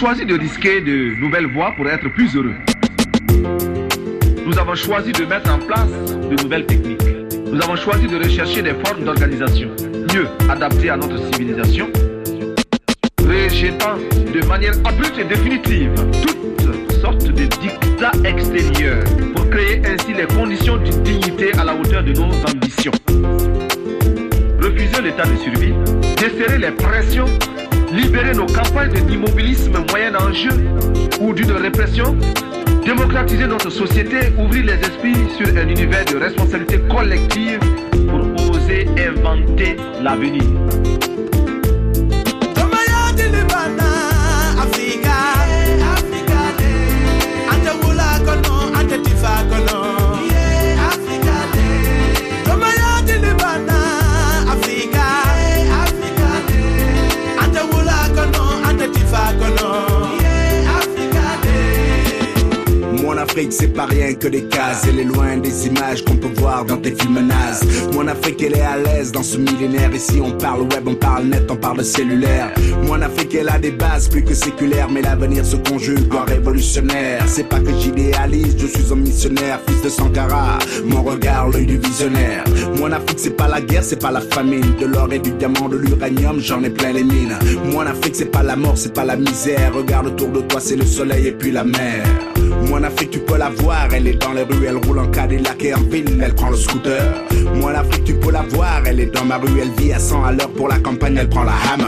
choisi de risquer de nouvelles voies pour être plus heureux. Nous avons choisi de mettre en place de nouvelles techniques. Nous avons choisi de rechercher des formes d'organisation mieux adaptées à notre civilisation, rejetant de manière abrupte et définitive de de répression, démocratiser notre société, ouvrir les esprits sur un univers de responsabilité collective pour oser inventer l'avenir. c'est pas rien que des cases. Elle est loin des images qu'on peut voir dans tes films Moi en Afrique, elle est à l'aise dans ce millénaire. Ici, on parle web, on parle net, on parle cellulaire cellulaire. en Afrique, elle a des bases plus que séculaires. Mais l'avenir se conjugue en révolutionnaire. C'est pas que j'idéalise, je suis un missionnaire, fils de Sankara. Mon regard, l'œil du visionnaire. en Afrique, c'est pas la guerre, c'est pas la famine. De l'or et du diamant, de l'uranium, j'en ai plein les mines. Moi en Afrique, c'est pas la mort, c'est pas la misère. Regarde autour de toi, c'est le soleil et puis la mer. Moi en Afrique, tu peux la voir, elle est dans les rues, elle roule en Cadillac et en ville, elle prend le scooter. Moi en Afrique, tu peux la voir, elle est dans ma rue, elle vit à 100 à l'heure pour la campagne, elle prend la hammer.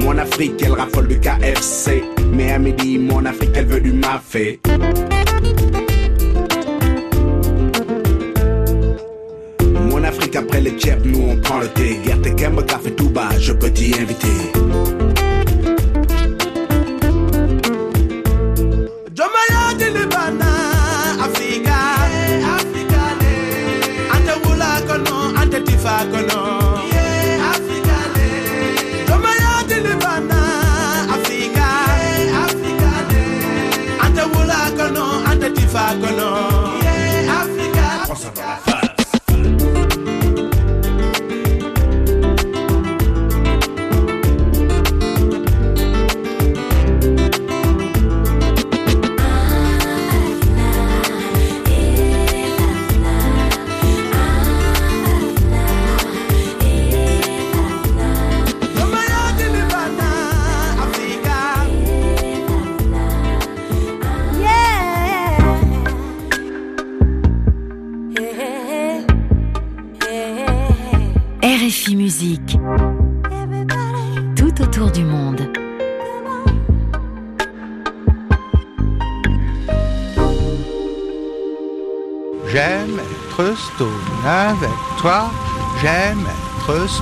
Mon Afrique, elle raffole du KFC. Mais à midi, mon Afrique, elle veut du mafé. Mon Afrique, après les chefs, nous on prend le thé. Y'a t'es café tout bas, je peux t'y inviter.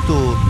muito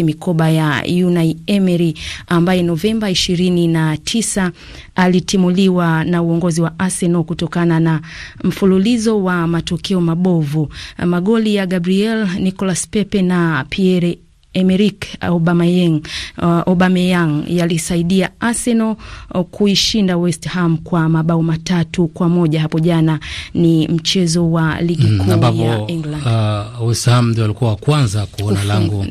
kurithi mikoba ya Unai Emery ambaye Novemba 29 alitimuliwa na uongozi wa Arsenal kutokana na mfululizo wa matokeo mabovu. Magoli ya Gabriel Nicolas Pepe na Pierre Emerick Aubameyang, uh, Aubameyang yalisaidia Arsenal uh, kuishinda West Ham kwa mabao matatu kwa moja hapo jana. Ni mchezo wa ligi mm, kuu ya England. Uh, West Ham ndio walikuwa wa kwanza kuona lango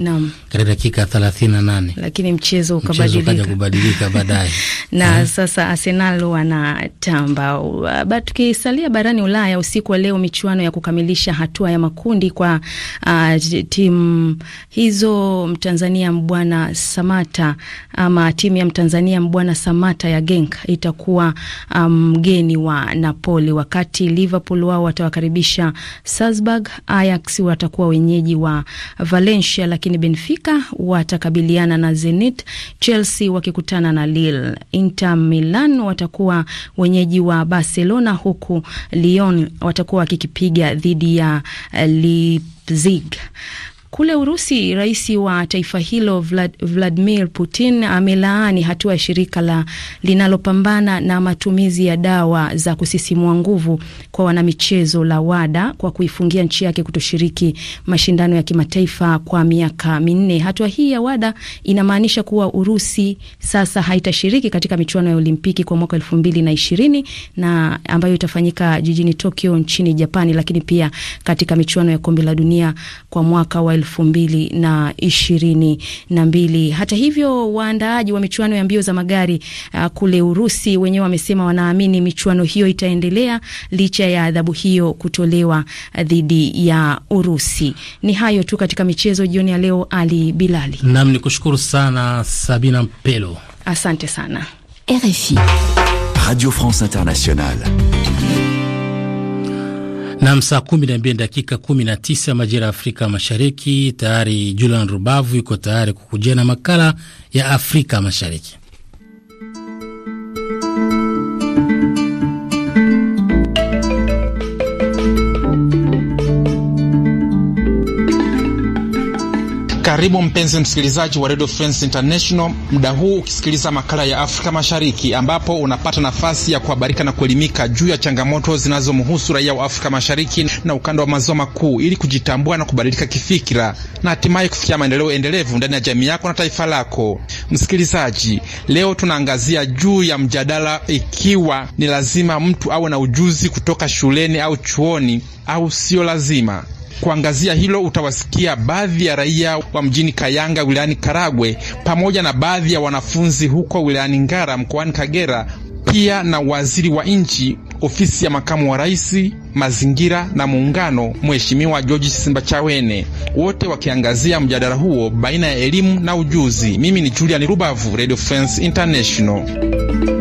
katika dakika 38, lakini mchezo ukabadilika kubadilika baadaye na eh? sasa Arsenal wanatamba. Uh, tukisalia barani Ulaya usiku wa leo michuano ya kukamilisha hatua ya makundi kwa uh, timu hizo Mtanzania Mbwana Samata ama timu ya Mtanzania Mbwana Samata ya Genk itakuwa um, mgeni um, wa Napoli, wakati Liverpool wao watawakaribisha Salzburg. Ajax watakuwa wenyeji wa Valencia, lakini Benfica watakabiliana na Zenit, Chelsea wakikutana na Lille. Inter Milan watakuwa wenyeji wa Barcelona, huku Lyon watakuwa wakikipiga dhidi ya eh, Leipzig. Kule Urusi, rais wa taifa hilo Vlad, Vladimir Putin amelaani hatua ya shirika la linalopambana na matumizi ya dawa za kusisimua nguvu kwa wanamichezo la WADA kwa kuifungia nchi yake kutoshiriki mashindano ya kimataifa kwa miaka minne. Hatua hii ya WADA inamaanisha kuwa Urusi sasa haitashiriki katika michuano ya Olimpiki kwa mwaka elfu mbili na ishirini na ambayo itafanyika jijini Tokyo nchini Japani, lakini pia katika michuano ya kombe la dunia kwa mwaka wa elfu mbili na ishirini na mbili. Hata hivyo waandaaji wa michuano ya mbio za magari uh, kule Urusi wenyewe wamesema wanaamini michuano hiyo itaendelea licha ya adhabu hiyo kutolewa uh, dhidi ya Urusi. Ni hayo tu katika michezo jioni ya leo. Ali Bilali nam ni kushukuru sana Sabina Mpelo, asante sana. RFI Radio France Internationale. Nam, saa kumi na mbili dakika kumi na tisa majira ya Afrika Mashariki. Tayari Julian Rubavu yuko tayari kukujia na makala ya Afrika Mashariki. Karibu mpenzi msikilizaji wa Radio France International, muda huu ukisikiliza makala ya Afrika Mashariki, ambapo unapata nafasi ya kuhabarika na kuelimika juu ya changamoto zinazomhusu raia wa Afrika Mashariki na ukanda wa maziwa makuu, ili kujitambua na kubadilika kifikira na hatimaye kufikia maendeleo endelevu ndani ya jamii yako na taifa lako. Msikilizaji, leo tunaangazia juu ya mjadala ikiwa ni lazima mtu awe na ujuzi kutoka shuleni au chuoni au sio lazima. Kuangazia hilo, utawasikia baadhi ya raia wa mjini Kayanga wilayani Karagwe pamoja na baadhi ya wanafunzi huko wilayani Ngara mkoani Kagera, pia na waziri wa nchi ofisi ya makamu wa rais, mazingira na muungano, Mheshimiwa George chawene wote wakiangazia mjadala huo baina ya elimu na ujuzi. Mimi ni Julian Rubavu, Radio France International.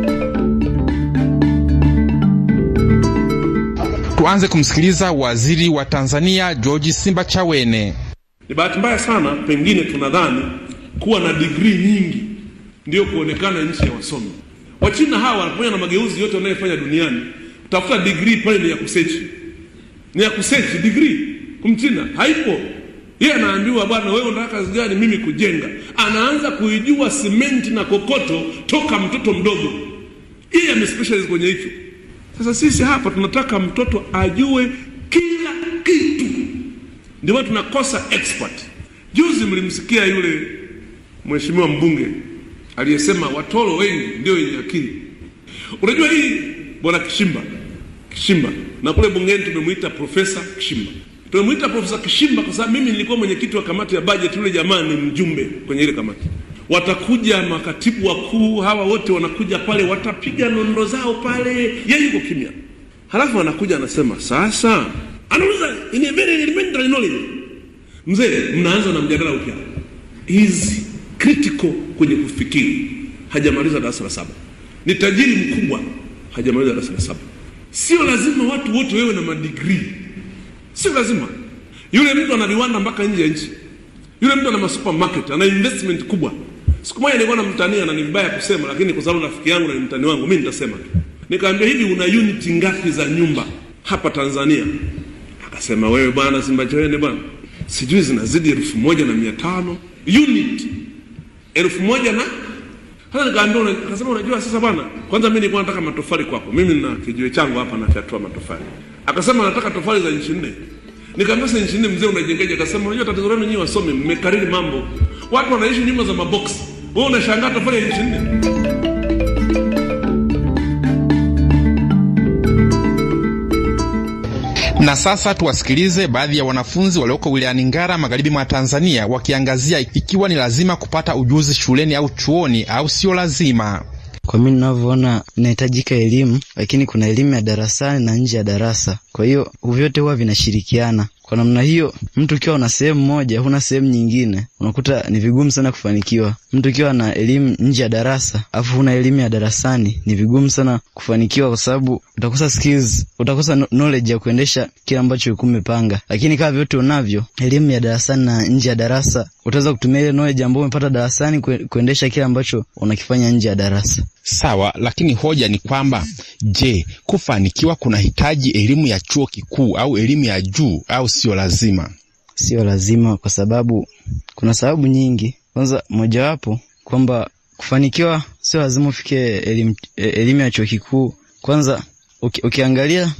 Tuanze kumsikiliza waziri wa Tanzania George Simba Chawene. Ni bahati mbaya sana, pengine tunadhani kuwa na digrii nyingi ndiyo kuonekana nchi ya wasomi. Wachina hawa wanaponya na mageuzi yote wanayofanya duniani, utafuta digrii pale ni ya kusechi, ni ya kusechi digrii kumchina haipo. Yeye anaambiwa bwana, wewe unataka kazi gani? Mimi kujenga. Anaanza kuijua simenti na kokoto toka mtoto mdogo. Yeye amespecialize kwenye hicho sasa sisi hapa tunataka mtoto ajue kila kitu, ndio tunakosa expert. Juzi mlimsikia yule mheshimiwa mbunge aliyesema watoro wengi ndio wenye akili. Unajua hii bwana Kishimba, Kishimba na kule bungeni tumemwita profesa Kishimba, tumemwita profesa Kishimba kwa sababu mimi nilikuwa mwenyekiti wa kamati ya bajeti, yule jamaa ni mjumbe kwenye ile kamati watakuja makatibu wakuu hawa wote wanakuja pale, watapiga nondo zao pale, yeye yuko kimya. Halafu anakuja anasema, sasa anauliza in a very elementary knowledge, mzee, mnaanza na mjadala upya. Hizi critical kwenye kufikiri, hajamaliza darasa la saba. Ni tajiri mkubwa, hajamaliza darasa la saba. Sio lazima watu wote wewe na madigrii, sio lazima. Yule mtu ana viwanda mpaka nje ya nchi, yule mtu ana masupermarket, ana investment kubwa Siku moja nilikuwa namtania na ni mbaya kusema, lakini kwa sababu rafiki yangu na ni mtani wangu, mimi nitasema tu. Nikamwambia, hivi una uniti ngapi za nyumba hapa Tanzania? Akasema, wewe bwana Simbachawene bwana, sijui zinazidi elfu moja na mia tano unit elfu moja na sasa nikaambia, akasema unajua, sasa bwana, kwanza mimi nilikuwa nataka matofali kwako, mimi na kijiwe changu hapa nafyatua matofali. Akasema nataka tofali za nchi nne. Nikaambia sasa nchi nne mzee, unajengeje? Akasema unajua, tatizo lenu nyinyi wasomi mmekariri mambo, watu wanaishi nyumba za maboksi wewe unashangaa tofali ya inchi nne. Na sasa tuwasikilize baadhi ya wanafunzi walioko wilayani Ngara, magharibi mwa Tanzania, wakiangazia ikiwa ni lazima kupata ujuzi shuleni au chuoni au sio lazima. Kwa mimi ninavyoona, inahitajika elimu, lakini kuna elimu ya darasani na nje ya darasa. Kwa hiyo vyote huwa vinashirikiana. Kwa namna hiyo, mtu ukiwa una sehemu moja, huna sehemu nyingine unakuta ni vigumu sana kufanikiwa. Mtu ukiwa na elimu nje ya darasa afu huna elimu ya darasani, ni vigumu sana kufanikiwa, kwa sababu utakosa skills, utakosa knowledge ya kuendesha kile ambacho ulikuwa umepanga. Lakini kama vyote unavyo elimu ya darasani na nje ya darasa, utaweza kutumia ile knowledge ambayo umepata darasani kuendesha kile ambacho unakifanya nje ya darasa. Sawa, lakini hoja ni kwamba je, kufanikiwa kunahitaji elimu ya chuo kikuu au elimu ya juu au sio lazima? sio lazima, kwa sababu kuna sababu nyingi. Kwanza mojawapo kwamba kufanikiwa sio lazima ufike elimu, elimu ya chuo kikuu. Kwanza uki, ukiangalia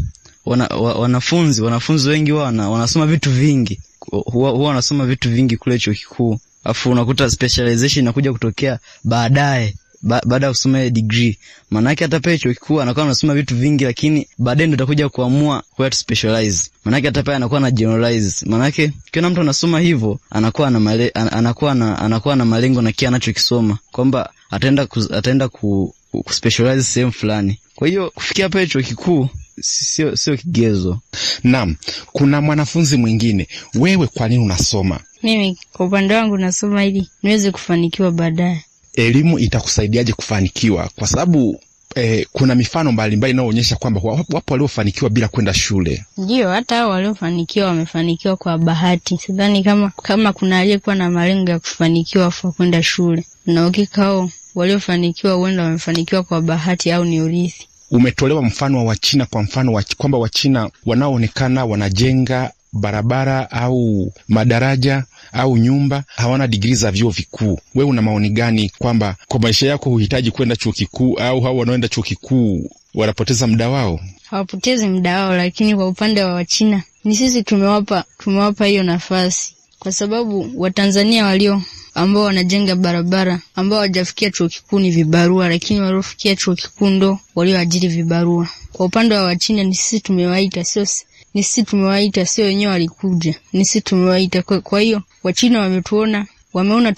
wana, wa, wanafunzi wanafunzi wengi wana wanasoma vitu vingi huwa, huwa wanasoma vitu vingi kule chuo kikuu, afu unakuta specialization inakuja kutokea baadaye ba, baada ya kusoma degree. Maana yake hata pale chuo kikuu anakuwa anasoma vitu vingi, lakini baadaye ndo atakuja kuamua kwa to specialize. Maana yake hata pale anakuwa na generalize. Maana yake kila mtu anasoma hivyo anakuwa na male, an, anakuwa na anakuwa na malengo na kile anachokisoma kwamba ataenda ataenda ku, ku specialize sehemu fulani. Kwa hiyo kufikia pale chuo kikuu sio sio kigezo. Naam, kuna mwanafunzi mwingine, wewe kwa nini unasoma? Mimi kwa upande wangu nasoma ili niweze kufanikiwa baadaye elimu itakusaidiaje kufanikiwa? Kwa sababu eh, kuna mifano mbalimbali inayoonyesha kwamba wapo waliofanikiwa bila kwenda shule. Ndio, hata hao waliofanikiwa wamefanikiwa kwa bahati. Sidhani kama kama kuna aliyekuwa na malengo ya kufanikiwa kwa kwenda shule, na ukikao waliofanikiwa huenda wamefanikiwa kwa bahati au ni urithi. Umetolewa mfano wa Wachina kwa mfano wa, kwamba Wachina wanaoonekana wanajenga barabara au madaraja au nyumba, hawana digrii za vyuo vikuu. We una maoni gani kwamba kwa maisha yako huhitaji kwenda chuo kikuu, au hao wanaoenda chuo kikuu wanapoteza muda wao? Hawapotezi muda wao, lakini kwa upande wa Wachina ni sisi tumewapa tumewapa hiyo nafasi, kwa sababu Watanzania walio ambao wanajenga barabara ambao hawajafikia chuo kikuu ni vibarua, lakini waliofikia chuo kikuu ndo walioajiri vibarua. Kwa upande wa Wachina ni sisi tumewaita, sio ni sisi tumewaita, sio wenyewe walikuja, ni sisi tumewaita. Kwa hiyo Wachina wametuona, wameona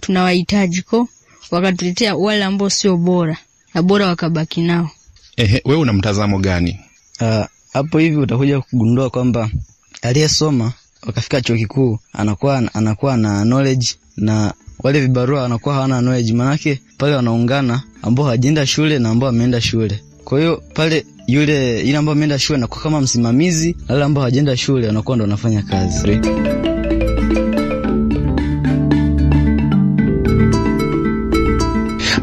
tunawahitaji, tuna ko wakatuletea wale ambao sio bora na bora wakabaki nao. Ehe, wewe una mtazamo gani ah, hapo? Uh, hivi utakuja kugundua kwamba aliyesoma wakafika chuo kikuu anakuwa anakuwa na knowledge na wale vibarua wanakuwa hawana knowledge, manake pale wanaungana ambao hawajaenda shule na ambao wameenda shule. Kwa hiyo pale yule ile ambayo ameenda shule anakuwa kama msimamizi, na yule ambaye hajaenda shule anakuwa ndo anafanya kazi.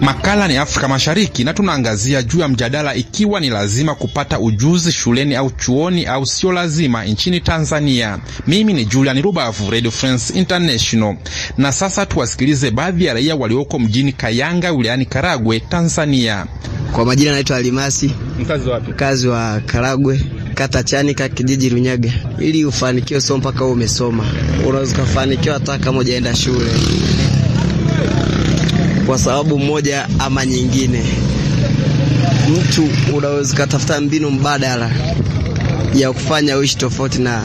Makala ni Afrika Mashariki na tunaangazia juu ya mjadala ikiwa ni lazima kupata ujuzi shuleni au chuoni au sio lazima nchini Tanzania. Mimi ni Julian Rubavu, Radio France International. Na sasa tuwasikilize baadhi ya raia walioko mjini Kayanga wilayani Karagwe, Tanzania. Kwa majina naitwa Alimasi Mkazi wapi? Mkazi wa Karagwe, kata Chanika, kijiji Runyaga. Ili ufanikiwe sio mpaka wewe umesoma, unaweza kufanikiwa hata kama hujaenda shule kwa sababu moja ama nyingine. Mtu unaweza kutafuta mbinu mbadala ya kufanya uishi tofauti na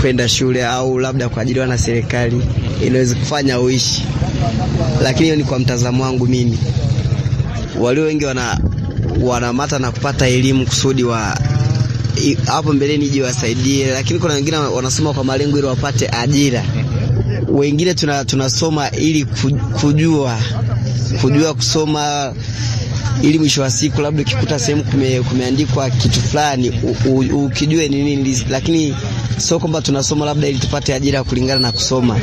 kwenda shule au labda kuajiriwa na serikali, inaweza kufanya uishi, lakini hiyo ni kwa mtazamo wangu mimi. Walio wengi wana wanamata na kupata elimu kusudi wa hapo mbeleni ije wasaidie, lakini kuna wengine wanasoma kwa malengo ili wapate ajira, wengine tuna, tunasoma ili kujua kujua kusoma ili mwisho wa siku labda ukikuta sehemu kume, kumeandikwa kitu fulani ukijue ni nini, lakini sio kwamba tunasoma labda ili tupate ajira kulingana na kusoma.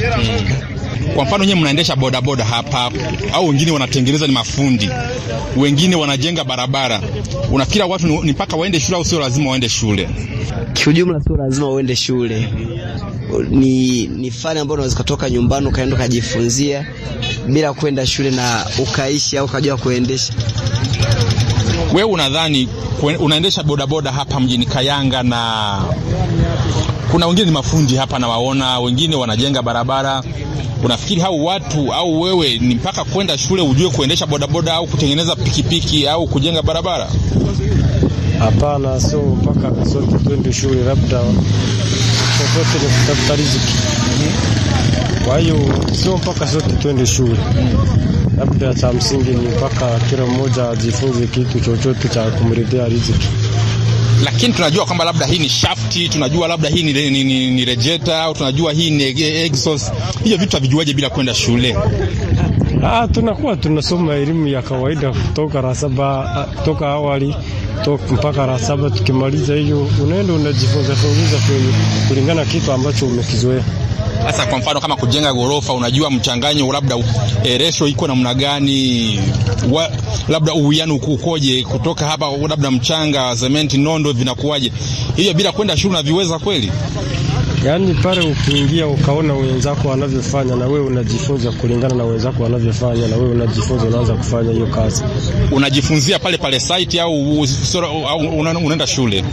Kwa mfano nyinyi mnaendesha bodaboda hapa, au wengine wanatengeneza, ni mafundi, wengine wanajenga barabara. Unafikira watu ni mpaka waende shule au sio lazima waende shule? Kiujumla sio lazima uende shule, ni ni fani ambayo unaweza kutoka nyumbani ukaenda ukajifunzia bila kwenda shule na ukaishi au ukajua kuendesha. Wewe unadhani unaendesha bodaboda hapa mjini Kayanga na kuna wengine ni mafundi hapa, nawaona wengine wanajenga barabara unafikiri hao watu au wewe ni mpaka kwenda shule ujue kuendesha bodaboda au kutengeneza pikipiki au kujenga barabara? Hapana, sio mpaka sote twende shule, labda chochote ni kutafuta riziki. Kwa hiyo sio mpaka sote twende shule, labda cha msingi ni mpaka kila mmoja ajifunze kitu chochote cha kumridhia riziki lakini tunajua kwamba labda hii ni shafti, tunajua labda hii ni, ni, ni, ni rejeta au tunajua hii ni e-, exhaust. Hiyo vitu havijuaje bila kwenda shule? Ah, tunakuwa tunasoma elimu ya kawaida kutoka rasaba ah, kutoka awali kutoka mpaka rasaba. Tukimaliza hiyo, unaenda unajifunza funguza kulingana kitu ambacho umekizoea. Sasa kwa mfano kama kujenga ghorofa, unajua mchanganyo labda e, eh, resho iko namna gani? labda uwiano ukoje, kutoka hapa labda mchanga, sementi, nondo vinakuwaje? Hiyo bila kwenda shule unaviweza kweli? Yaani pale ukiingia ukaona wenzako wanavyofanya, na wewe unajifunza kulingana na wenzako wanavyofanya, na wewe unajifunza, unaanza kufanya hiyo kazi. Unajifunzia pale pale site au, au unaenda shule?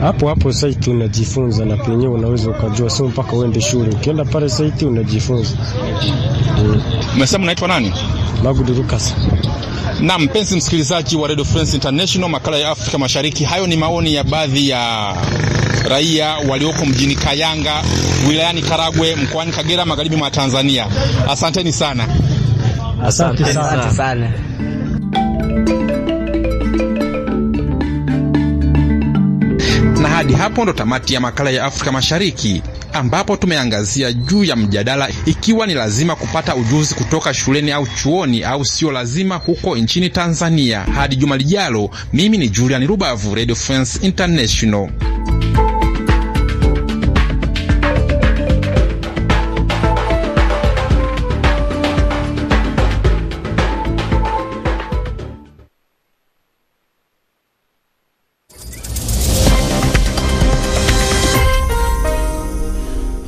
Hapo hapo site unajifunza, na penyewe unaweza ukajua, sio mpaka uende shule. Ukienda pale site unajifunza. Umesema unaitwa nani? Magudu Lucas. Na mpenzi msikilizaji wa Radio France International, makala ya Afrika Mashariki, hayo ni maoni ya baadhi ya raia walioko mjini Kayanga wilayani Karagwe mkoani Kagera magharibi mwa Tanzania. Asanteni sana. Asante sana. Asante sana. Na hadi hapo ndo tamati ya makala ya Afrika Mashariki ambapo tumeangazia juu ya mjadala ikiwa ni lazima kupata ujuzi kutoka shuleni au chuoni au sio lazima huko nchini Tanzania. Hadi juma lijalo, mimi ni Julian Rubavu, Radio France International.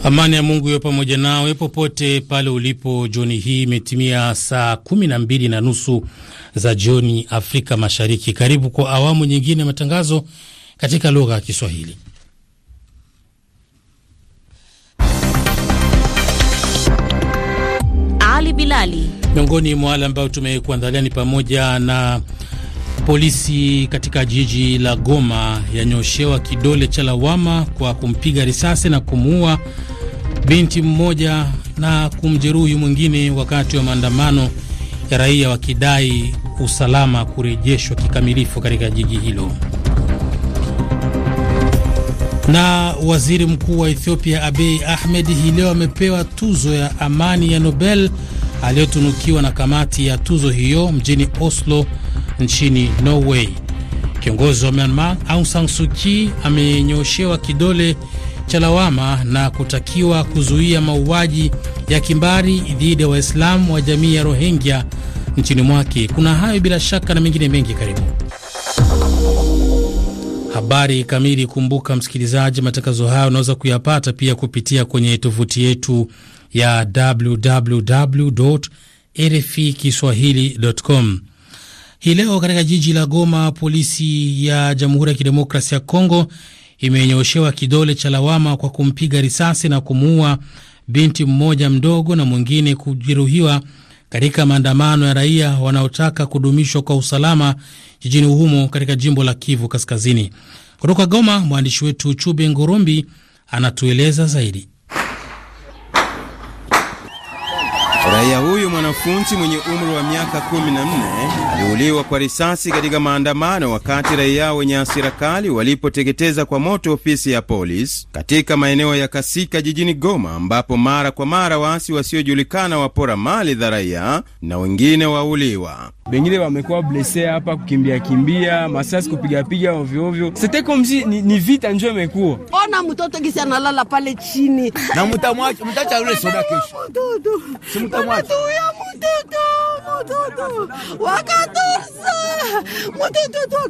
Amani ya Mungu iyo pamoja nawe popote pale ulipo. Jioni hii imetimia saa kumi na mbili na nusu za jioni Afrika Mashariki. Karibu kwa awamu nyingine ya matangazo katika lugha ya Kiswahili. Ali Bilali, miongoni mwa wale ambao tumekuandalia ni pamoja na Polisi katika jiji la Goma yanyoshewa kidole cha lawama kwa kumpiga risasi na kumuua binti mmoja na kumjeruhi mwingine wakati wa maandamano ya raia wakidai usalama kurejeshwa kikamilifu katika jiji hilo. Na waziri mkuu wa Ethiopia Abiy Ahmed hii leo amepewa tuzo ya amani ya Nobel aliyotunukiwa na kamati ya tuzo hiyo mjini Oslo nchini Norway. Kiongozi wa Myanmar Aung San Suu Kyi amenyoshewa kidole cha lawama na kutakiwa kuzuia mauaji ya kimbari dhidi ya Waislamu wa jamii ya Rohingya nchini mwake. Kuna hayo bila shaka na mengine mengi, karibu habari kamili. Kumbuka msikilizaji, matangazo hayo unaweza kuyapata pia kupitia kwenye tovuti yetu ya www kiswahili.com. Hii leo katika jiji la Goma, polisi ya Jamhuri ya Kidemokrasia ya Kongo imenyoshewa kidole cha lawama kwa kumpiga risasi na kumuua binti mmoja mdogo na mwingine kujeruhiwa katika maandamano ya raia wanaotaka kudumishwa kwa usalama jijini humo katika jimbo la Kivu Kaskazini. Kutoka Goma, mwandishi wetu Chube Ngorombi anatueleza zaidi. Raia huyu mwanafunzi mwenye umri wa miaka 14 aliuliwa kwa risasi katika maandamano wakati raia wenye hasira kali walipoteketeza kwa moto ofisi ya polisi katika maeneo ya Kasika jijini Goma, ambapo mara kwa mara waasi wasiojulikana wapora mali za raia na wengine wauliwa. Wengine wamekuwa blese hapa kukimbia kimbia, masasi kupigapiga ovyo ovyo. Sete komji ni, ni vita njo imekuwa. Ona mtoto gisi analala pale chini. Na mtamwacha mtacha yule soda kesho utamwacha mtoto mtoto wa 14 mtoto wa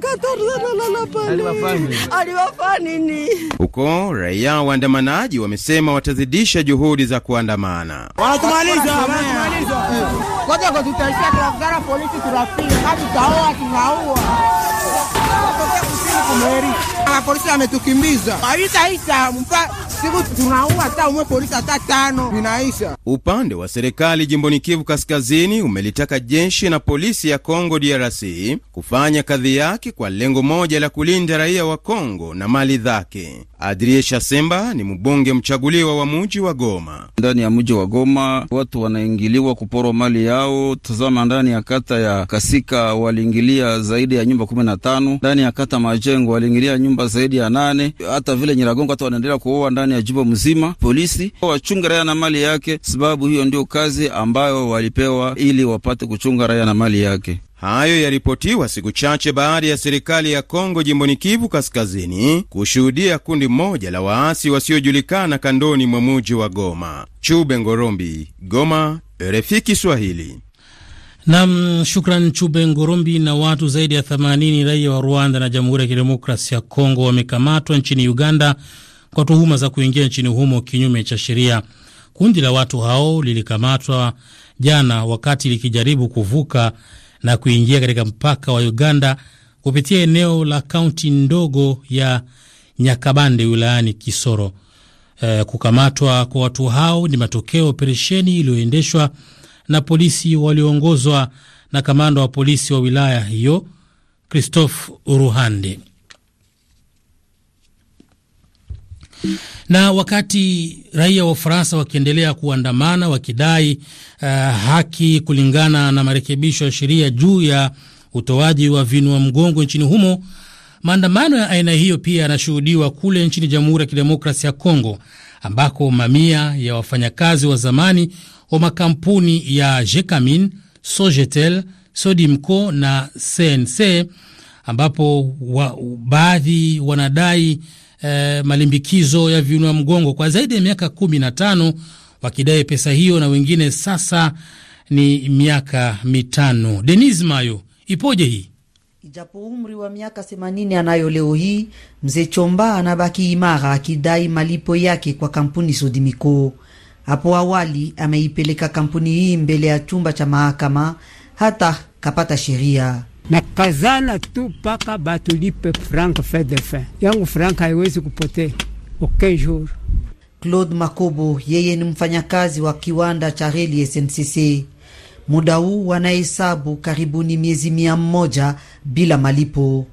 14 aliwafanya nini huko? Raia waandamanaji wamesema watazidisha juhudi za kuandamana. Wanatumaliza, wanatumaliza. kwa polisi, tunafika yako mweri, na polisi ametukimbiza haitaisha mpa siku tunaua hata umwe polisi hata tano inaisha. Upande wa serikali jimboni Kivu Kaskazini umelitaka jeshi na polisi ya Kongo DRC kufanya kadhi yake kwa lengo moja la kulinda raia wa Kongo na mali zake. Adrie Shasemba ni mbunge mchaguliwa wa muji wa Goma. Ndani ya muji wa Goma watu wanaingiliwa kuporwa mali yao. Tazama, ndani ya kata ya Kasika waliingilia zaidi ya nyumba 15 ndani ya kata Majengo Nyiragongo waliingilia nyumba zaidi ya nane. Hata vile Nyiragongo hata wanaendelea kuoa ndani ya jimbo mzima. Polisi wachunga raia na mali yake, sababu hiyo ndio kazi ambayo walipewa ili wapate kuchunga raia na mali yake. Hayo yaripotiwa siku chache baada ya serikali ya Kongo jimboni Kivu Kaskazini kushuhudia kundi moja la waasi wasiojulikana kandoni mwa muji wa Goma. Chube Ngorombi, Goma, RFI Kiswahili. Nam, shukran Chube Ngorombi. Na watu zaidi ya 80 raia wa Rwanda na Jamhuri ya Kidemokrasi ya Kongo wamekamatwa nchini Uganda kwa tuhuma za kuingia nchini humo kinyume cha sheria. Kundi la watu hao lilikamatwa jana wakati likijaribu kuvuka na kuingia katika mpaka wa Uganda kupitia eneo la kaunti ndogo ya Nyakabande wilayani Kisoro. E, kukamatwa kwa watu hao ni matokeo ya operesheni iliyoendeshwa na polisi walioongozwa na kamanda wa polisi wa wilaya hiyo Christophe Uruhande. Na wakati raia wa Ufaransa wakiendelea kuandamana wakidai uh, haki kulingana na marekebisho ya sheria juu ya utoaji wa vinua mgongo nchini humo, maandamano ya aina hiyo pia yanashuhudiwa kule nchini Jamhuri ya Kidemokrasia ya Kongo ambako mamia ya wafanyakazi wa zamani wa makampuni ya Jekamin, Sogetel, Sodimco na CNC ambapo wa, baadhi wanadai eh, malimbikizo ya viunua mgongo kwa zaidi ya miaka kumi na tano wakidai pesa hiyo na wengine sasa ni miaka mitano. Denis Mayo, ipoje hii? Ijapo umri wa miaka themanini anayo leo hii, mzee Chomba anabaki imara akidai malipo yake kwa kampuni Sodimiko. Hapo awali ameipeleka kampuni hii mbele ya chumba cha mahakama hata kapata sheria na kazana tu mpaka batulipe frank fedefe yangu. Frank haiwezi kupotea ukenjuru. Claude Makobo yeye ni mfanyakazi wa kiwanda cha reli SNCC. Muda huu wanahesabu karibuni miezi mia moja bila malipo.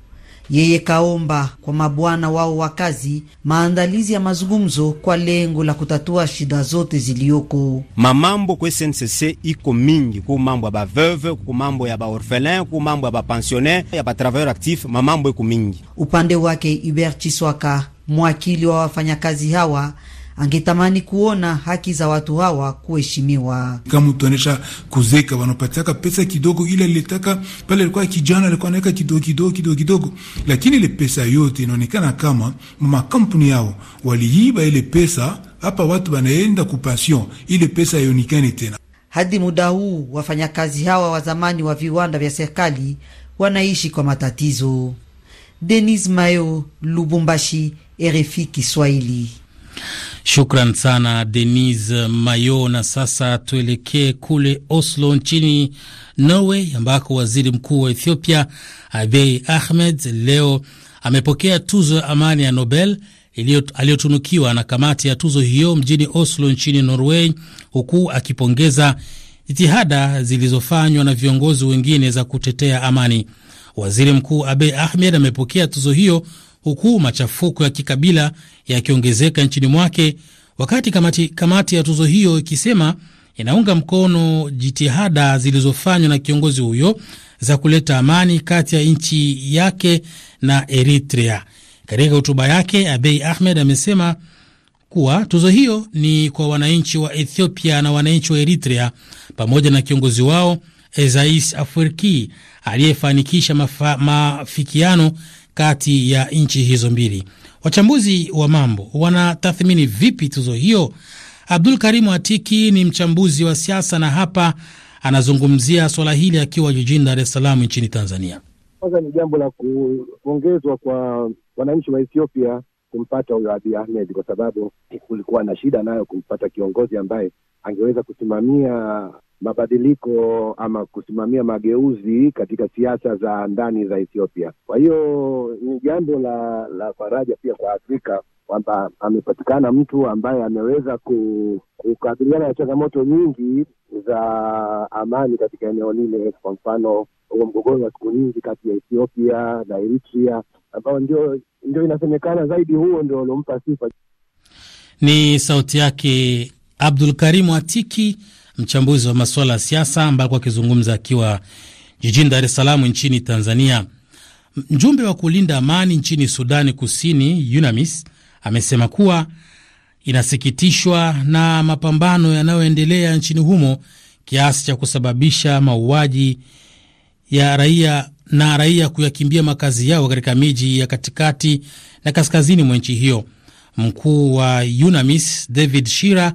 Yeye kaomba kwa mabwana wao wakazi maandalizi ya mazungumzo kwa lengo la kutatua shida zote zilioko Mamambo kwa SNCC iko mingi ku mambo ya baveuve, ku mambo ya baorfelin ku mambo ya bapensionnaire ya batravailleur actif, mamambo iko mingi. Upande wake Hubert Chiswaka, mwakili wa wafanyakazi hawa angetamani kuona haki za watu hawa kuheshimiwa. Kama tuonesha kuzeka, wanapatiaka pesa kidogo, ile alitaka pale, alikuwa kijana, alikuwa anaweka kidogo kidogo kidogo kidogo, lakini ile pesa yote inaonekana kama makampuni yao waliiba ile pesa. Hapa watu wanaenda kupasion, ile pesa haionekani tena. Hadi muda huu wafanyakazi hawa wa zamani wa viwanda vya serikali wanaishi kwa matatizo. Denis Mayo, Lubumbashi, RFI Kiswahili. Shukran sana Denis Mayo. Na sasa tuelekee kule Oslo nchini Norway, ambako waziri mkuu wa Ethiopia Abiy Ahmed leo amepokea tuzo ya amani ya Nobel aliyotunukiwa na kamati ya tuzo hiyo mjini Oslo nchini Norway, huku akipongeza jitihada zilizofanywa na viongozi wengine za kutetea amani. Waziri Mkuu Abiy Ahmed amepokea tuzo hiyo huku machafuko ya kikabila yakiongezeka nchini mwake, wakati kamati, kamati ya tuzo hiyo ikisema inaunga mkono jitihada zilizofanywa na kiongozi huyo za kuleta amani kati ya nchi yake na Eritrea. Katika hotuba yake, Abiy Ahmed amesema kuwa tuzo hiyo ni kwa wananchi wa Ethiopia na wananchi wa Eritrea pamoja na kiongozi wao Ezais Afwerki aliyefanikisha mafikiano kati ya nchi hizo mbili. Wachambuzi wa mambo wanatathmini vipi tuzo hiyo? Abdul Karimu Atiki ni mchambuzi wa siasa na hapa anazungumzia swala hili akiwa jijini Dar es Salaam nchini Tanzania. Kwanza ni jambo la kupongezwa kwa wananchi wa Ethiopia kumpata huyo Abiy Ahmed, kwa sababu kulikuwa na shida nayo kumpata kiongozi ambaye angeweza kusimamia mabadiliko ama kusimamia mageuzi katika siasa za ndani za Ethiopia. Kwa hiyo ni jambo la la faraja pia kwa Afrika kwamba amepatikana mtu ambaye ameweza kukabiliana na changamoto nyingi za amani katika eneo lile, kwa mfano huo mgogoro wa siku nyingi kati ya Ethiopia na Eritrea ambao ndio, ndio inasemekana zaidi, huo ndio waliompa sifa. Ni sauti yake Abdul Karimu Atiki, mchambuzi wa masuala ya siasa, ambaye alikuwa akizungumza akiwa jijini Dar es Salaam nchini Tanzania. Mjumbe wa kulinda amani nchini Sudani Kusini, UNAMIS, amesema kuwa inasikitishwa na mapambano yanayoendelea nchini humo kiasi cha kusababisha mauaji ya raia na raia kuyakimbia makazi yao katika miji ya katikati na kaskazini mwa nchi hiyo. Mkuu wa UNAMIS David Shira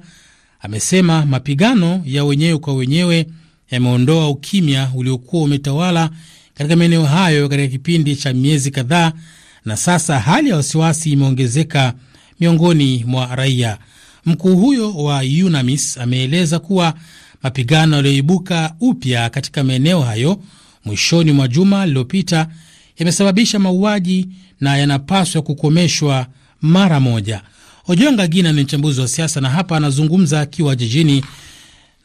amesema mapigano ya wenyewe kwa wenyewe yameondoa ukimya uliokuwa umetawala katika maeneo hayo katika kipindi cha miezi kadhaa, na sasa hali ya wasiwasi imeongezeka miongoni mwa raia. Mkuu huyo wa UNAMIS ameeleza kuwa mapigano yaliyoibuka upya katika maeneo hayo mwishoni mwa juma lililopita yamesababisha mauaji na yanapaswa kukomeshwa mara moja. Ojonga Gina ni mchambuzi wa siasa na hapa anazungumza akiwa jijini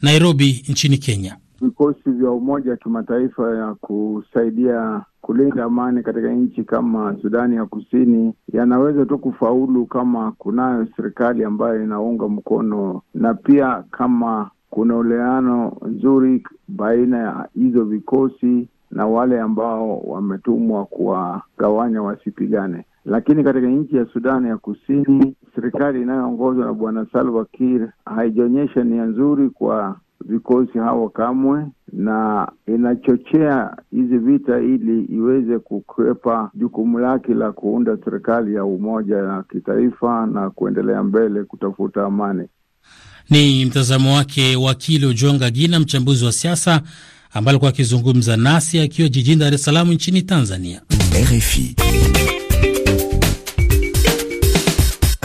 Nairobi nchini Kenya. Vikosi vya Umoja wa Kimataifa ya kusaidia kulinda amani katika nchi kama Sudani ya Kusini yanaweza tu kufaulu kama kunayo serikali ambayo inaunga mkono, na pia kama kuna uleano nzuri baina ya hizo vikosi na wale ambao wametumwa kuwagawanya wasipigane. Lakini katika nchi ya Sudani ya Kusini, serikali inayoongozwa na Bwana Salva Kiir haijaonyesha nia nzuri kwa vikosi hao kamwe, na inachochea hizi vita ili iweze kukwepa jukumu lake la kuunda serikali ya umoja ya kitaifa na kuendelea mbele kutafuta amani. Ni mtazamo wake wakili Ujonga Gina, mchambuzi wa siasa ambaye alikuwa akizungumza nasi akiwa jijini Dar es Salaam nchini Tanzania. RFI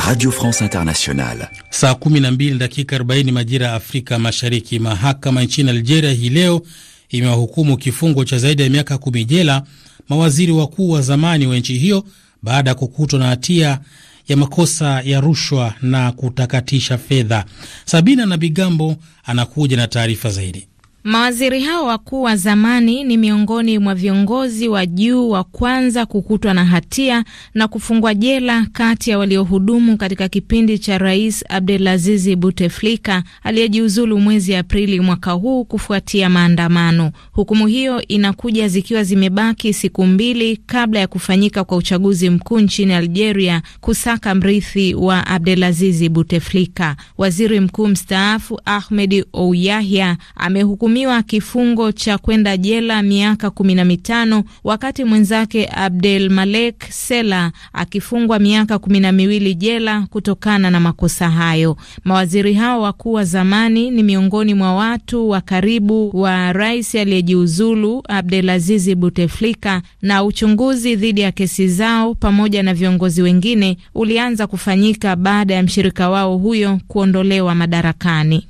Radio France Internationale. Saa 12 dakika 40 majira ya Afrika Mashariki. Mahakama nchini Algeria hii leo imewahukumu kifungo cha zaidi ya miaka kumi jela mawaziri wakuu wa zamani wa nchi hiyo baada ya kukutwa na hatia ya makosa ya rushwa na kutakatisha fedha. Sabina na Bigambo anakuja na taarifa zaidi. Mawaziri hao wakuu wa zamani ni miongoni mwa viongozi wa juu wa kwanza kukutwa na hatia na kufungwa jela kati ya waliohudumu katika kipindi cha Rais Abdelaziz Bouteflika aliyejiuzulu mwezi Aprili mwaka huu kufuatia maandamano. Hukumu hiyo inakuja zikiwa zimebaki siku mbili kabla ya kufanyika kwa uchaguzi mkuu nchini Algeria kusaka mrithi wa Abdelaziz Bouteflika. Waziri mkuu mstaafu Ahmed Ouyahia amehukumu alihukumiwa kifungo cha kwenda jela miaka kumi na mitano wakati mwenzake Abdel Malek Sela akifungwa miaka kumi na miwili jela kutokana na makosa hayo. Mawaziri hao wakuu wa zamani ni miongoni mwa watu wa karibu wa rais aliyejiuzulu abdel azizi Buteflika, na uchunguzi dhidi ya kesi zao pamoja na viongozi wengine ulianza kufanyika baada ya mshirika wao huyo kuondolewa madarakani.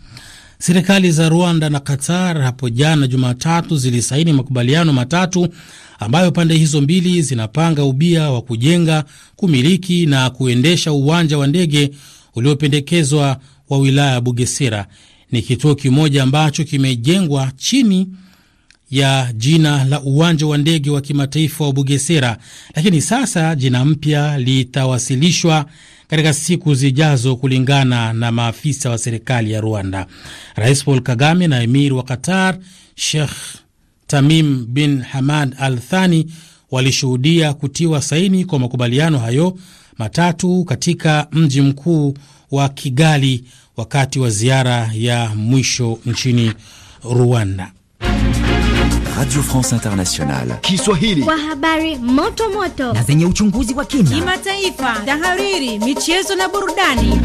Serikali za Rwanda na Qatar hapo jana Jumatatu zilisaini makubaliano matatu ambayo pande hizo mbili zinapanga ubia wa kujenga, kumiliki na kuendesha uwanja wa ndege uliopendekezwa wa wilaya ya Bugesera. Ni kituo kimoja ambacho kimejengwa chini ya jina la uwanja wa ndege wa kimataifa wa Bugesera, lakini sasa jina mpya litawasilishwa katika siku zijazo, kulingana na maafisa wa serikali ya Rwanda. Rais Paul Kagame na emir wa Qatar Sheikh Tamim bin Hamad Al Thani walishuhudia kutiwa saini kwa makubaliano hayo matatu katika mji mkuu wa Kigali wakati wa ziara ya mwisho nchini Rwanda. Radio France Internationale Kiswahili kwa habari moto moto na zenye uchunguzi wa kina, kimataifa, tahariri, michezo na burudani.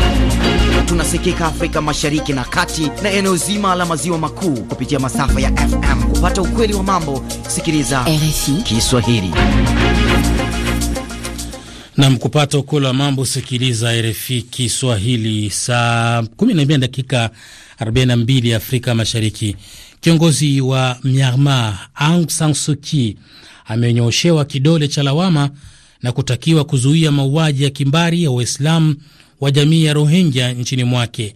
Tunasikika Afrika Mashariki na Kati na eneo zima la maziwa makuu kupitia masafa ya FM. Kupata ukweli wa mambo, sikiliza RFI Kiswahili. Nam, kupata ukweli wa mambo, sikiliza RFI Kiswahili. Saa 12 dakika 42 Afrika Mashariki. Kiongozi wa Myanmar Aung San Suu Kyi amenyooshewa kidole cha lawama na kutakiwa kuzuia mauaji ya kimbari ya Waislamu wa jamii ya Rohingya nchini mwake.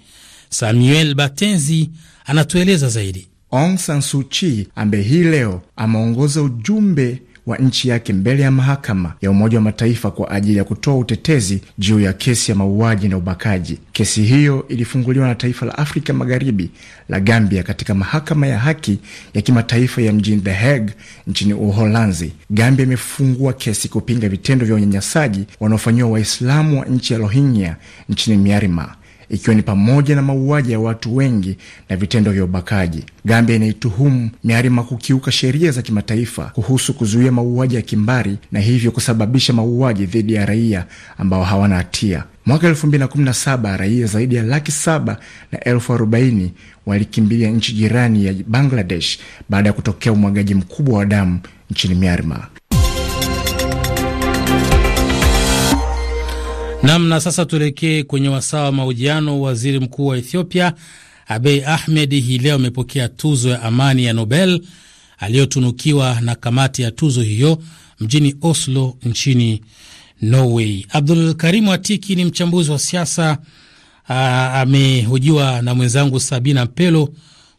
Samuel Batenzi anatueleza zaidi. Aung San Suu Kyi ambaye hii leo ameongoza ujumbe wa nchi yake mbele ya mahakama ya Umoja wa Mataifa kwa ajili ya kutoa utetezi juu ya kesi ya mauaji na ubakaji. Kesi hiyo ilifunguliwa na taifa la Afrika Magharibi la Gambia katika mahakama ya haki ya kimataifa ya mjini The Hague nchini Uholanzi. Gambia imefungua kesi kupinga vitendo vya unyanyasaji wanaofanyiwa Waislamu wa nchi ya Rohingya nchini Myanmar ikiwa ni pamoja na mauaji ya watu wengi na vitendo vya ubakaji. Gambia inaituhumu Miarima kukiuka sheria za kimataifa kuhusu kuzuia mauaji ya kimbari na hivyo kusababisha mauaji dhidi ya raia ambao hawana hatia. Mwaka elfu mbili na kumi na saba raia zaidi ya laki saba na elfu arobaini walikimbilia nchi jirani ya Bangladesh baada ya kutokea umwagaji mkubwa wa damu nchini Myanmar. namna. Sasa tuelekee kwenye wasaa wa mahojiano. Waziri mkuu wa Ethiopia Abiy Ahmed hii leo amepokea tuzo ya amani ya Nobel aliyotunukiwa na kamati ya tuzo hiyo mjini Oslo nchini Norway. Abdul Karimu Atiki ni mchambuzi wa siasa amehojiwa na mwenzangu Sabina Mpelo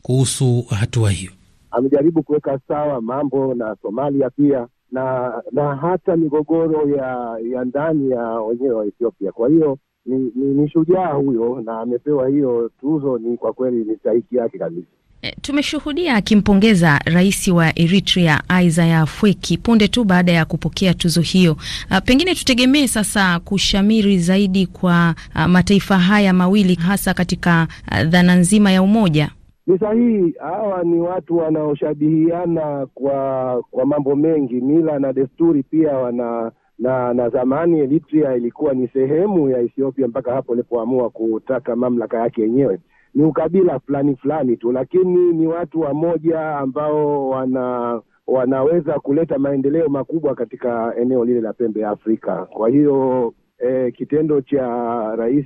kuhusu hatua hiyo. Amejaribu kuweka sawa mambo na Somalia pia na na hata migogoro ya ya ndani ya wenyewe wa Ethiopia. Kwa hiyo ni, ni, ni shujaa huyo na amepewa hiyo tuzo, ni kwa kweli ni stahiki yake kabisa. Eh, tumeshuhudia akimpongeza rais wa Eritrea Isaias Afwerki punde tu baada ya kupokea tuzo hiyo. A, ah, pengine tutegemee sasa kushamiri zaidi kwa a, ah, mataifa haya mawili hasa katika a, ah, dhana nzima ya umoja ni sahihi, hawa ni watu wanaoshabihiana kwa kwa mambo mengi, mila na desturi pia wana na na zamani Eritrea ilikuwa ni sehemu ya Ethiopia mpaka hapo ilipoamua kutaka mamlaka yake yenyewe. Ni ukabila fulani fulani tu, lakini ni watu wamoja ambao wana wanaweza kuleta maendeleo makubwa katika eneo lile la pembe ya Afrika. Kwa hiyo E, kitendo cha rais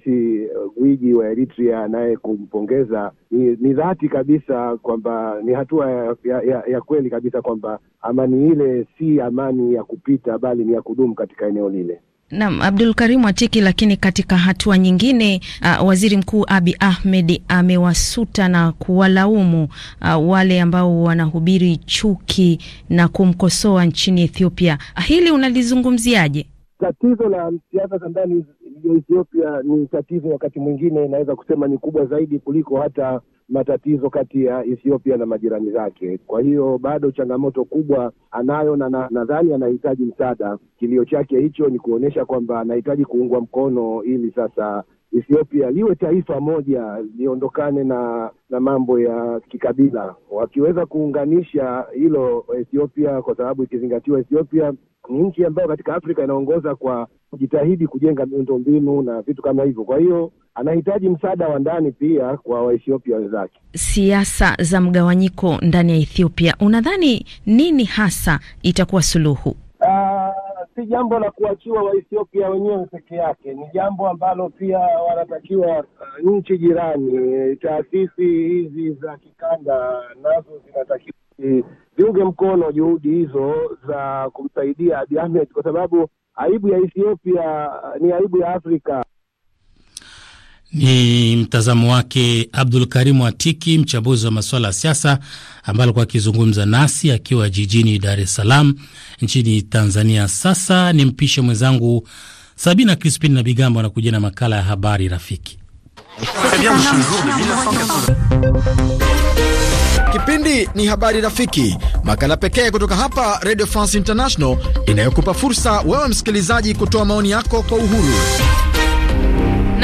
gwiji eh, wa Eritrea naye kumpongeza ni, ni dhati kabisa kwamba ni hatua ya, ya, ya kweli kabisa kwamba amani ile si amani ya kupita bali ni ya kudumu katika eneo lile. Naam, Abdul karimu Atiki. Lakini katika hatua nyingine, uh, waziri mkuu Abi Ahmed amewasuta na kuwalaumu uh, wale ambao wanahubiri chuki na kumkosoa nchini Ethiopia. Hili unalizungumziaje? Tatizo la siasa za ndani ya Ethiopia ni tatizo, wakati mwingine inaweza kusema ni kubwa zaidi kuliko hata matatizo kati ya Ethiopia na majirani zake. Kwa hiyo bado changamoto kubwa anayo, na nadhani anahitaji msaada. Kilio chake hicho ni kuonyesha kwamba anahitaji kuungwa mkono ili sasa Ethiopia liwe taifa moja, liondokane na na mambo ya kikabila. Wakiweza kuunganisha hilo Ethiopia, kwa sababu ikizingatiwa Ethiopia ni nchi ambayo katika Afrika inaongoza kwa kujitahidi kujenga miundombinu na vitu kama hivyo. Kwa hiyo anahitaji msaada wa ndani pia kwa Waethiopia wenzake. Siasa za mgawanyiko ndani ya Ethiopia, unadhani nini hasa itakuwa suluhu? Uh, si jambo la kuachiwa Waethiopia wenyewe peke yake, ni jambo ambalo pia wanatakiwa uh, nchi jirani, eh, taasisi hizi za kikanda nazo zinatakiwa ziunge mkono juhudi hizo za kumsaidia Abiy Ahmed kwa sababu aibu ya Ethiopia uh, ni aibu ya Afrika. Ni mtazamo wake Abdul Karimu Atiki, mchambuzi wa masuala ya siasa, ambaye alikuwa akizungumza nasi akiwa jijini Dar es Salaam nchini Tanzania. Sasa ni mpishe mwenzangu Sabina Crispin na Bigambo anakuja na makala ya habari rafiki. Kipindi ni habari rafiki, makala pekee kutoka hapa Radio France International inayokupa fursa wewe msikilizaji kutoa maoni yako kwa uhuru.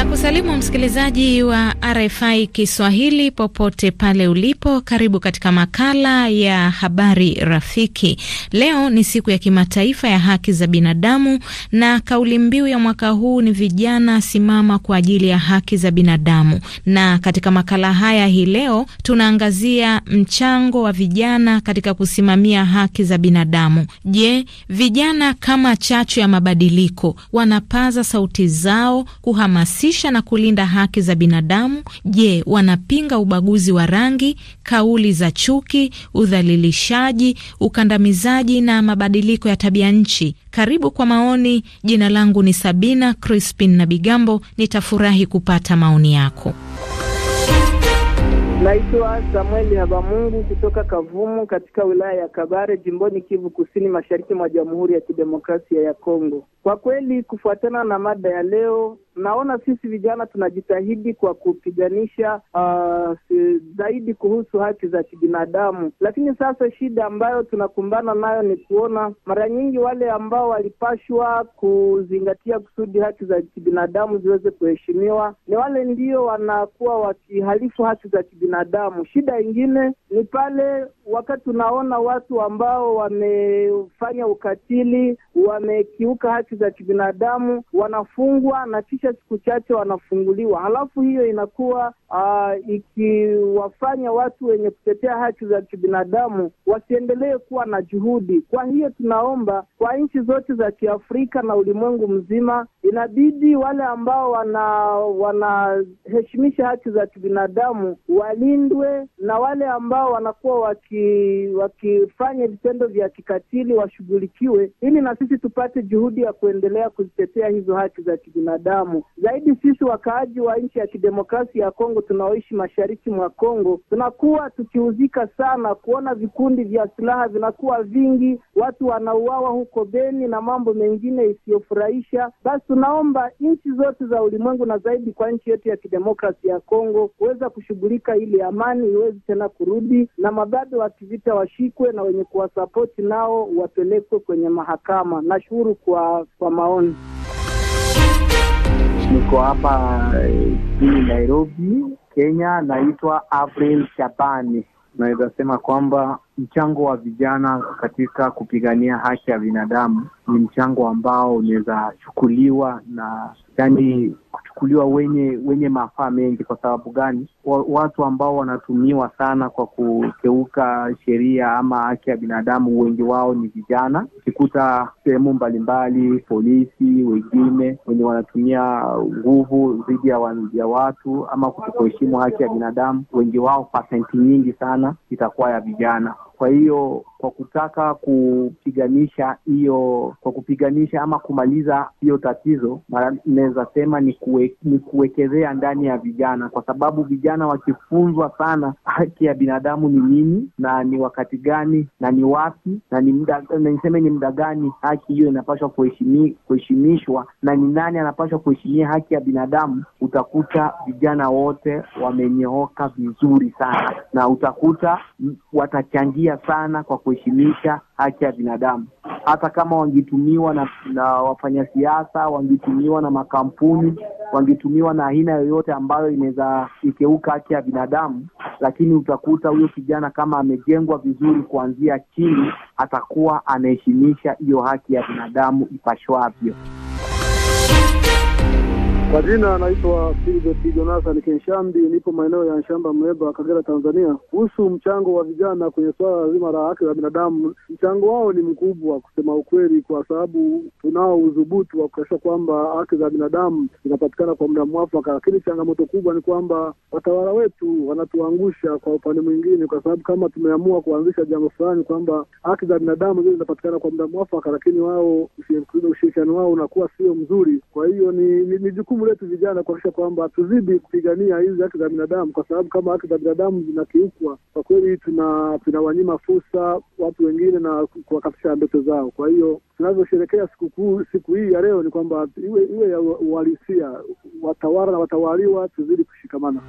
Nakusalimu msikilizaji wa RFI Kiswahili popote pale ulipo, karibu katika makala ya habari rafiki. Leo ni siku ya kimataifa ya haki za binadamu, na kauli mbiu ya mwaka huu ni vijana simama kwa ajili ya haki za binadamu. Na katika makala haya hii leo tunaangazia mchango wa vijana katika kusimamia haki za binadamu. Je, vijana kama chachu ya mabadiliko wanapaza sauti zao kuhamasisha kuhamasisha na kulinda haki za binadamu, je, wanapinga ubaguzi wa rangi, kauli za chuki, udhalilishaji, ukandamizaji na mabadiliko ya tabia nchi? Karibu kwa maoni. Jina langu ni Sabina Crispin na Bigambo, nitafurahi kupata maoni yako. Naitwa Samueli Habamungu kutoka Kavumu katika wilaya ya Kabare jimboni Kivu Kusini mashariki mwa Jamhuri ya Kidemokrasia ya Kongo. Kwa kweli, kufuatana na mada ya leo, Naona sisi vijana tunajitahidi kwa kupiganisha uh, zaidi kuhusu haki za kibinadamu, lakini sasa shida ambayo tunakumbana nayo ni kuona mara nyingi wale ambao walipashwa kuzingatia kusudi haki za kibinadamu ziweze kuheshimiwa ni wale ndio wanakuwa wakihalifu haki za kibinadamu. Shida ingine ni pale wakati unaona watu ambao wamefanya ukatili, wamekiuka haki za kibinadamu, wanafungwa na kisha kisha siku chache wanafunguliwa. Halafu hiyo inakuwa uh, ikiwafanya watu wenye kutetea haki za kibinadamu wasiendelee kuwa na juhudi. Kwa hiyo tunaomba kwa nchi zote za Kiafrika na ulimwengu mzima inabidi wale ambao wanaheshimisha wana haki za kibinadamu walindwe, na wale ambao wanakuwa waki, wakifanya vitendo vya kikatili washughulikiwe, ili na sisi tupate juhudi ya kuendelea kuzitetea hizo haki za kibinadamu. Zaidi sisi wakaaji wa nchi ya kidemokrasia ya Kongo tunaoishi mashariki mwa Kongo tunakuwa tukihuzika sana kuona vikundi vya silaha vinakuwa vingi, watu wanauawa huko Beni na mambo mengine isiyofurahisha basi tunaomba nchi zote za ulimwengu na zaidi kwa nchi yetu ya kidemokrasi ya Kongo kuweza kushughulika ili amani iwezi tena kurudi, na mababe wa kivita washikwe na wenye kuwasapoti nao wapelekwe kwenye mahakama. Nashukuru kwa, kwa maoni. Niko hapa eh, jini Nairobi, Kenya. Naitwa Avril Shabani. Naweza sema kwamba mchango wa vijana katika kupigania haki ya binadamu ni mchango ambao unaweza chukuliwa na yani kuchukuliwa wenye wenye mafaa mengi. Kwa sababu gani? Watu ambao wanatumiwa sana kwa kukeuka sheria ama haki ya binadamu, wengi wao ni vijana. Ukikuta sehemu mbalimbali, polisi wengine wenye wanatumia nguvu dhidi ya watu ama kutokuheshimu haki ya binadamu, wengi wao pasenti nyingi sana itakuwa ya vijana. Kwa hiyo kwa kutaka kupiganisha hiyo, kwa kupiganisha ama kumaliza hiyo tatizo, naweza sema ni kue, ni kuwekezea ndani ya vijana, kwa sababu vijana wakifunzwa sana haki ya binadamu ni nini na ni wakati gani na ni wapi na ni na niseme ni muda gani haki hiyo inapaswa kuheshimishwa na ni nani anapaswa kuheshimia haki ya binadamu, utakuta vijana wote wamenyooka vizuri sana na utakuta watachangia sana kwa kuheshimisha haki ya binadamu hata kama wangitumiwa na, na wafanyasiasa wangitumiwa na makampuni wangetumiwa na aina yoyote ambayo inaweza ikeuka haki ya binadamu, lakini utakuta huyo kijana kama amejengwa vizuri kuanzia chini, atakuwa anaheshimisha hiyo haki ya binadamu ipashwavyo. Kwa jina anaitwa Filibeti Jonathan Kenshambi, nipo maeneo ya Nshamba, Muleba, Kagera, Tanzania. Kuhusu mchango wa vijana kwenye swala zima la haki za binadamu, mchango wao ni mkubwa kusema ukweli, kwa sababu tunao udhubutu wa kuhakikisha kwamba haki za binadamu zinapatikana kwa muda mwafaka, lakini changamoto kubwa ni kwamba watawala wetu wanatuangusha kwa upande mwingine, kwa sababu kama tumeamua kuanzisha jambo fulani kwamba haki za binadamu zile zinapatikana kwa muda mwafaka, lakini wao ushirikiano wao unakuwa sio mzuri. Kwa hiyo ni, ni, ni jukumu jukumu letu vijana kuakisha kwamba tuzidi kupigania hizi haki za binadamu, kwa sababu kama haki za binadamu zinakiukwa, kwa kweli tuna tunawanyima fursa watu wengine na kuwakatisha ndoto zao. Kwa hiyo tunavyosherekea sikukuu siku hii ya leo ni kwamba iwe iwe ya uhalisia, watawala na watawaliwa tuzidi kushikamana.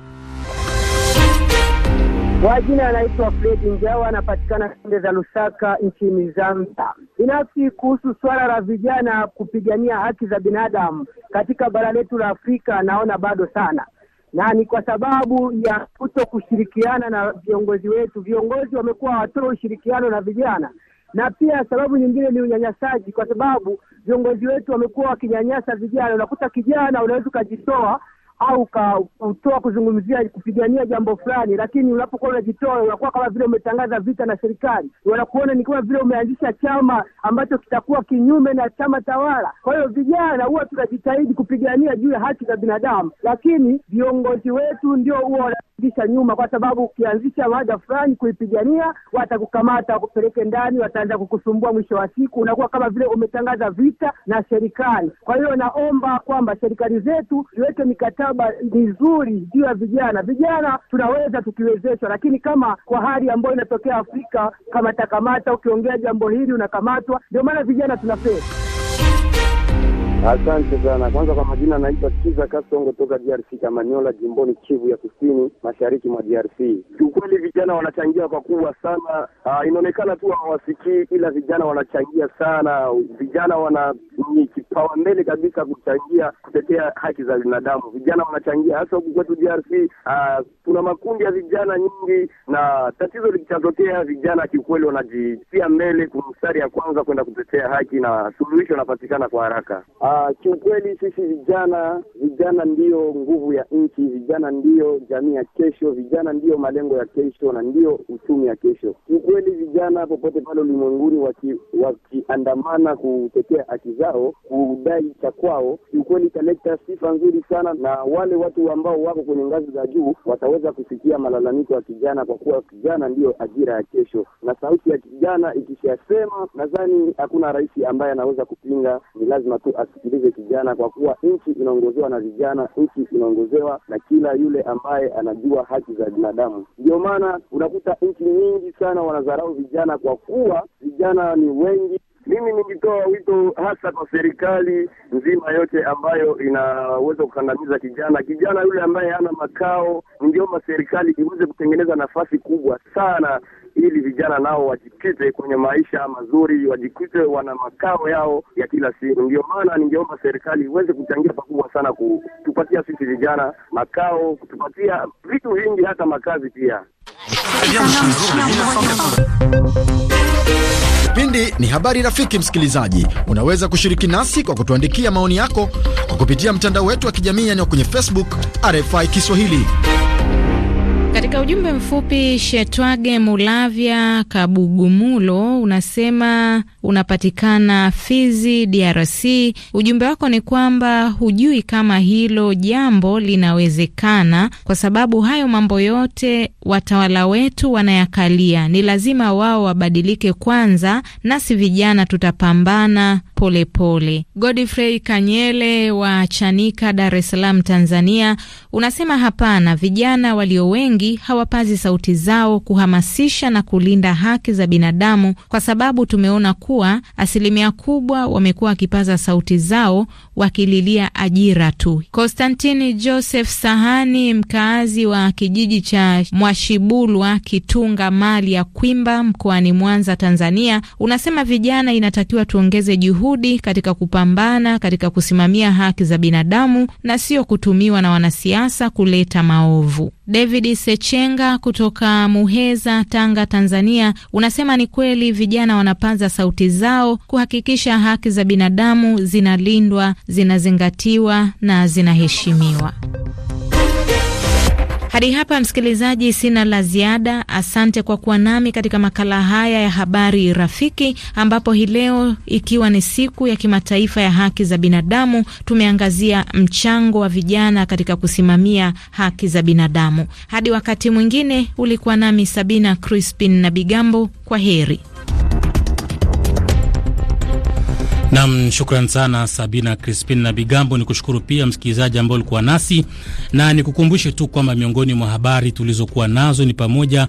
Kwa jina anaitwa Fredi Njawa, anapatikana pande za Lusaka nchini Zambia. Binafsi kuhusu swala la vijana kupigania haki za binadamu katika bara letu la Afrika, naona bado sana, na ni kwa sababu ya kuto kushirikiana na viongozi wetu. Viongozi wamekuwa hawatoe ushirikiano na vijana, na pia sababu nyingine ni unyanyasaji, kwa sababu viongozi wetu wamekuwa wakinyanyasa vijana. Unakuta kijana unaweza ukajitoa au kautoa kuzungumzia kupigania jambo fulani, lakini unapokuwa unajitoa unakuwa kama vile umetangaza vita na serikali, wanakuona ni kama vile umeanzisha chama ambacho kitakuwa kinyume na chama tawala. Kwa hiyo vijana huwa tunajitahidi kupigania juu ya haki za binadamu, lakini viongozi wetu ndio huwa kurudisha nyuma, kwa sababu ukianzisha mada fulani kuipigania watakukamata, wakupeleke ndani, wataanza kukusumbua. Mwisho wa siku unakuwa kama vile umetangaza vita na serikali. Kwa hiyo naomba kwamba serikali zetu ziweke mikataba mizuri juu ya vijana. Vijana tunaweza tukiwezeshwa, lakini kama kwa hali ambayo inatokea Afrika, kamata kamata, ukiongea jambo hili unakamatwa. Ndio maana vijana tunapea Asante sana. Kwanza kwa majina, anaitwa Kiza Kasongo toka DRC Kamanyola, jimboni Kivu ya Kusini, mashariki mwa DRC. Kiukweli vijana wanachangia pakubwa sana. Uh, inaonekana tu hawasikii, ila vijana wanachangia sana. Vijana wana ni kipawa mbele kabisa kuchangia kutetea haki za binadamu. Vijana wanachangia hasa huku kwetu DRC. Uh, ah, tuna makundi ya vijana nyingi, na tatizo likishatokea, vijana kiukweli wanajitia mbele kumstari mstari ya kwanza kwenda kutetea haki, na suluhisho inapatikana kwa haraka. Uh, Ah, kiukweli sisi vijana, vijana ndiyo nguvu ya nchi, vijana ndiyo jamii ya kesho, vijana ndiyo malengo ya kesho na ndiyo uchumi ya kesho. Kiukweli vijana popote pale ulimwenguni wakiandamana, waki kutetea haki zao, kudai cha kwao, kiukweli italeta sifa nzuri sana, na wale watu ambao wako kwenye ngazi za juu wataweza kusikia malalamiko ya kijana, kwa kuwa kijana ndiyo ajira ya kesho, na sauti ya kijana ikishasema, nadhani hakuna rais ambaye anaweza kupinga, ni lazima tu tusikilize kijana, kwa kuwa nchi inaongozewa na vijana, nchi inaongozewa na kila yule ambaye anajua haki za binadamu. Ndio maana unakuta nchi nyingi sana wanadharau vijana, kwa kuwa vijana ni wengi. Mimi nikitoa wito hasa kwa serikali nzima yote ambayo inaweza kukandamiza kijana, kijana yule ambaye hana makao, ningeomba serikali iweze kutengeneza nafasi kubwa sana ili vijana nao wajikite kwenye maisha mazuri, wajikite wana makao yao ya kila siku. Ndio maana ningeomba serikali iweze kuchangia pakubwa sana kutupatia sisi vijana makao, kutupatia vitu vingi, hata makazi pia. Kipindi ni habari rafiki. Msikilizaji, unaweza kushiriki nasi kwa kutuandikia maoni yako kwa kupitia mtandao wetu wa kijamii, yaani kwenye Facebook RFI Kiswahili. Katika ujumbe mfupi Shetwage Mulavya Kabugumulo unasema unapatikana Fizi, DRC. Ujumbe wako ni kwamba hujui kama hilo jambo linawezekana, kwa sababu hayo mambo yote watawala wetu wanayakalia. Ni lazima wao wabadilike kwanza, nasi vijana tutapambana polepole. Godfrey Kanyele wa Chanika, Dar es Salaam, Tanzania, unasema hapana, vijana walio wengi wengi hawapazi sauti zao kuhamasisha na kulinda haki za binadamu, kwa sababu tumeona kuwa asilimia kubwa wamekuwa wakipaza sauti zao wakililia ajira tu. Konstantini Joseph Sahani, mkaazi wa kijiji cha Mwashibulwa, Kitunga, mali ya Kwimba, mkoani Mwanza, Tanzania, unasema vijana inatakiwa tuongeze juhudi katika kupambana katika kusimamia haki za binadamu na sio kutumiwa na wanasiasa kuleta maovu. David Sechenga kutoka Muheza, Tanga, Tanzania, unasema ni kweli vijana wanapaza sauti zao kuhakikisha haki za binadamu zinalindwa zinazingatiwa na zinaheshimiwa. Hadi hapa msikilizaji, sina la ziada. Asante kwa kuwa nami katika makala haya ya habari rafiki, ambapo hii leo ikiwa ni siku ya kimataifa ya haki za binadamu, tumeangazia mchango wa vijana katika kusimamia haki za binadamu. Hadi wakati mwingine, ulikuwa nami Sabina Crispin na Bigambo. Kwa heri. Nam, shukran sana Sabina Crispin na Bigambo. Ni kushukuru pia msikilizaji ambao ulikuwa nasi, na nikukumbushe tu kwamba miongoni mwa habari tulizokuwa nazo ni pamoja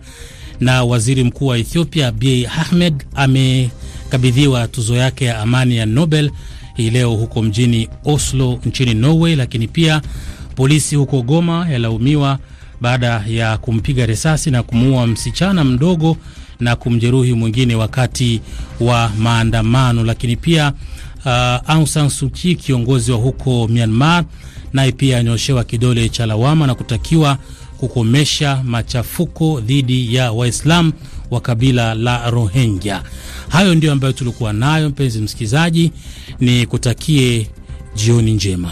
na waziri mkuu wa Ethiopia Abiy Ahmed amekabidhiwa tuzo yake ya amani ya Nobel hii leo huko mjini Oslo nchini Norway. Lakini pia polisi huko Goma yalaumiwa baada ya kumpiga risasi na kumuua msichana mdogo na kumjeruhi mwingine wakati wa maandamano. Lakini pia uh, Aung San Suu Kyi kiongozi wa huko Myanmar naye pia anyoshewa kidole cha lawama na kutakiwa kukomesha machafuko dhidi ya Waislamu wa kabila la Rohingya. Hayo ndiyo ambayo tulikuwa nayo, mpenzi msikilizaji, ni kutakie jioni njema.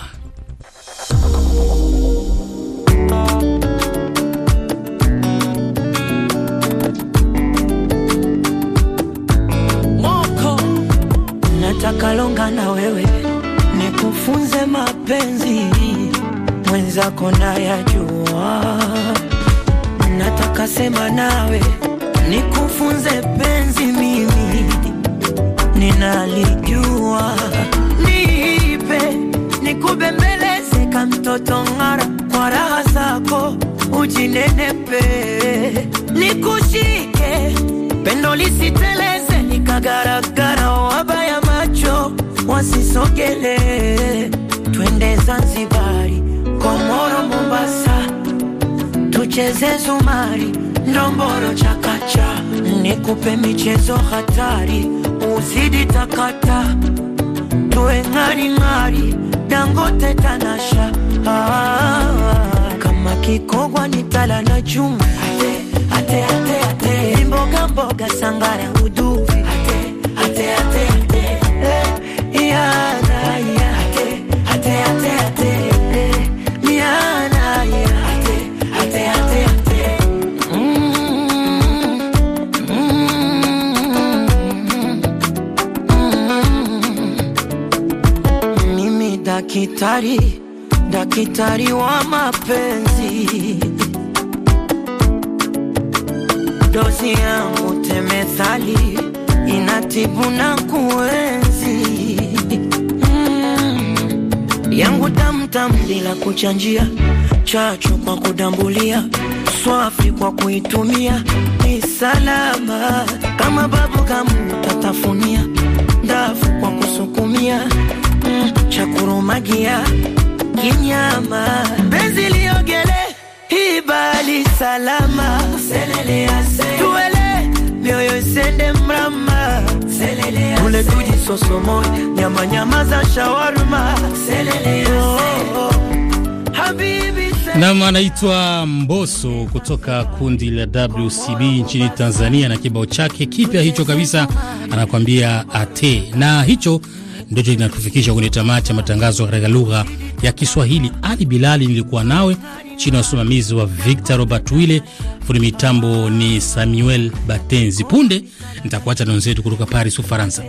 mapenzi mwenzako nayajua, nataka sema nawe nikufunze penzi, mimi ninalijua, niipe nikubembeleze, mtoto ng'ara, kwa raha zako ujinenepe, nikushike pendo lisiteleze, nikagaragara, wabaya macho wasisogele twende Zanzibari, Komoro, Mombasa, tucheze zumari, ndomboro, chakacha, nikupe michezo hatari, uzidi takata, tuwe ng'aring'ari, Dangote, Tanasha, ah, kama kikogwa nitala Tala na Juma, ate, ate, ate, mboga mboga, sangara Daktari, daktari wa mapenzi, dozi ya inatibu na kuenzi mm. yangu tamtam bila kuchanjia, chachu kwa kudambulia, swafi kwa kuitumia, ni salama kama babu kamu tatafunia, ndafu kwa kusukumia chakurumagia kinyama benzi liogele salama tuele mioyo isende mrama tuji sosomo nyama nyama za shawarma oh, oh, oh. nam anaitwa Mboso kutoka kundi la WCB nchini Tanzania, na kibao chake kipya hicho kabisa anakuambia ate, na hicho ndicho kinatufikisha kwenye tamati ya matangazo katika lugha ya Kiswahili. Ali Bilali nilikuwa nawe chini ya usimamizi wa Victor Robert Wile, fundi mitambo ni Samuel Batenzi. Punde nitakuacha na wenzetu kutoka Paris, Ufaransa.